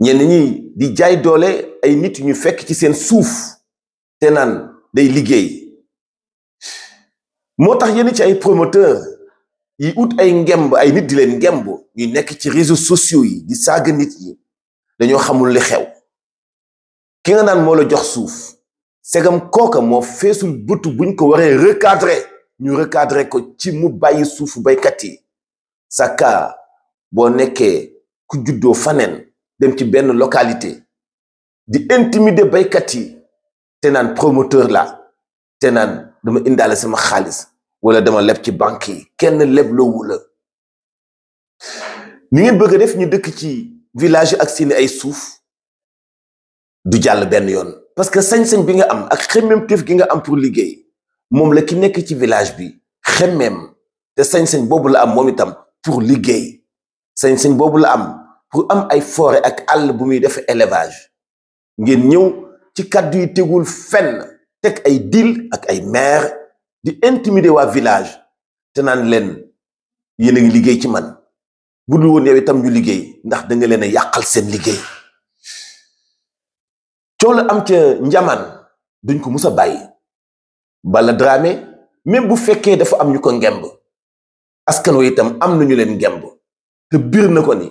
ñenn ñi di jaay doole ay nit ñu fekk ci seen suuf te naan day liggéey moo tax yenn ci ay promoteur yi ut ay ngemb ay nit di leen ngemb ñuy nekk ci réseau sociaux yi di saaga nit yi dañoo xamul li xew ki nga naan moo la jox suuf segam kooka moo feesul bëtu buñ ko waree recadrer ñu recadrer ko ci mu bàyyi suufu baykat yi saka boo nekkee ku juddoo faneen dem ci benn localité di intimider baykat yi te naan promoteur la te naan dama indaale sama xaalis wala dama leb ci banque yi kenn leb loowu la ni ngeen bëgg a def ñu dëkk ci village ak seeni ay suuf du jàll benn yoon parce que sañ-sañ bi nga am ak xemmeem teef gi nga am pour liggéey moom la ki nekk ci village bi xemmeem te sañ-sañ boobu la am moom itam pour liggéey sañ-sañ boobu la am pour am ay fore ak àll bu muy def élevage ngeen ñëw ci kàddu yi tegul fenn teg ay deal ak ay maire di intimider waa village te naan leen yéen a ngi liggéey ci man bu dul woon yow itam ñu liggéey ndax danga leen a yàqal seen liggéey coola am ca njaman duñ ko mus a bàyyi bala drame même bu fekkee dafa am ñu ko ngemb askan wi itam am nañu leen ngemb te biir na ko ni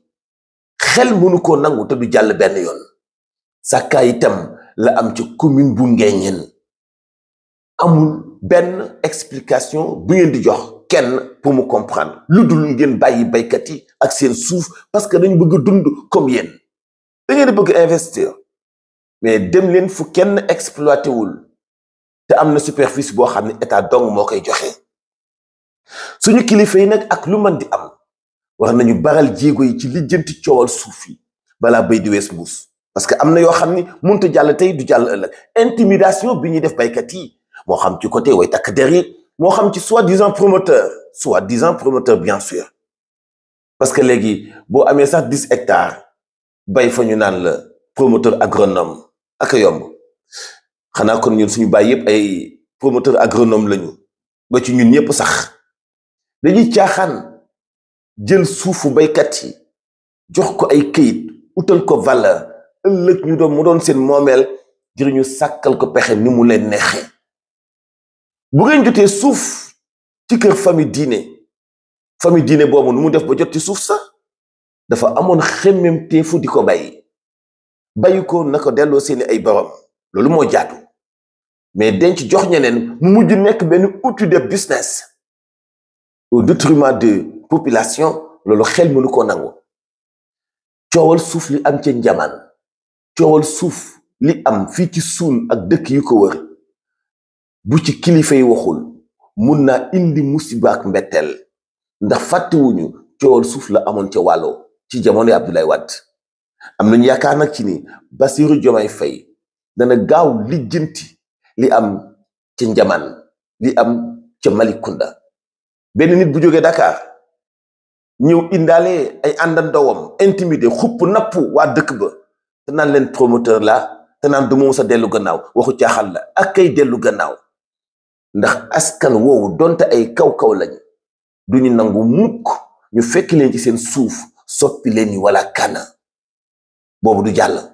xel mënu ko nangu te du jàll benn yoon sàkkaa itam la am ci commune bu Nguéniène amul benn explication bu ngeen di jox kenn pour mu comprendre lu dul ngeen bàyyi baykat yi ak seen suuf parce que dañ bëgg dund comme yéen dangeen ngeen bëgg investir mais dem leen fu kenn exploité wul te am na superfice boo xam ne état dong moo koy joxe suñu kilifa yi nag ak lu mën di am war nañu baral jigo yi ci lijjanti coowal suuf yi balaa béy di wees mbuus parce que am na yoo xam ni mënut a jàll tey du jàll ëllëg intimidation bi ñuy def baykat yi moo xam ci côté way takk der moo xam ci soi-disant promoteur soi-disant promoteur bien sûr parce que léegi boo amee sax dis hectares bay fa ñu naan la promoteur agronome ak yomb xanaa kon ñun suñu baay yëpp ay promoteur agronome lañu ba ci ñun ñëpp sax dañuy caaxaan. jël suufu baykat yi jox ko ay këyit utal ko valeur ëllëg ñu doon mu doon seen moomeel ngir ñu sàkkal ko pexe ni mu leen neexee bu ngeen jotee suuf ci kër famille diine famille diine boobu nu mu def ba jot ci suuf sax dafa amoon xemmem teefu di ko bàyyi bàyyi ko na ko delloo seeni ay borom loolu moo jaatu mais denc jox ñeneen mu mujj nekk benn outil de business au détriment de population loolu xel mënu ko nangu coowal suuf li am ca njamaan coowal suuf li am fii ci suul ak dëkk yu ko wër bu ci kilifa yi waxul mun na indi musiba ak mbetteel ndax fàttewuñu coowal suuf la amoon ca wàlloo ci jamono Abdoulaye Wade am nañu yaakaar nag ci ni Bassirou Diomaye Faye dana gaaw lijjanti li am ca njamaan li am ca Malicounda benn nit bu jógee Dakar ñëw indaale ay àndandoowam intimidé xupp napp waa dëkk ba te naan leen promoteur la te naan du sa dellu gannaaw waxu ca xal la ak kay dellu gannaaw ndax askan woowu donte ay kaw-kaw lañ duñu nangu mukk ñu fekk leen ci seen suuf soppi leen yi wala kana boobu du jàll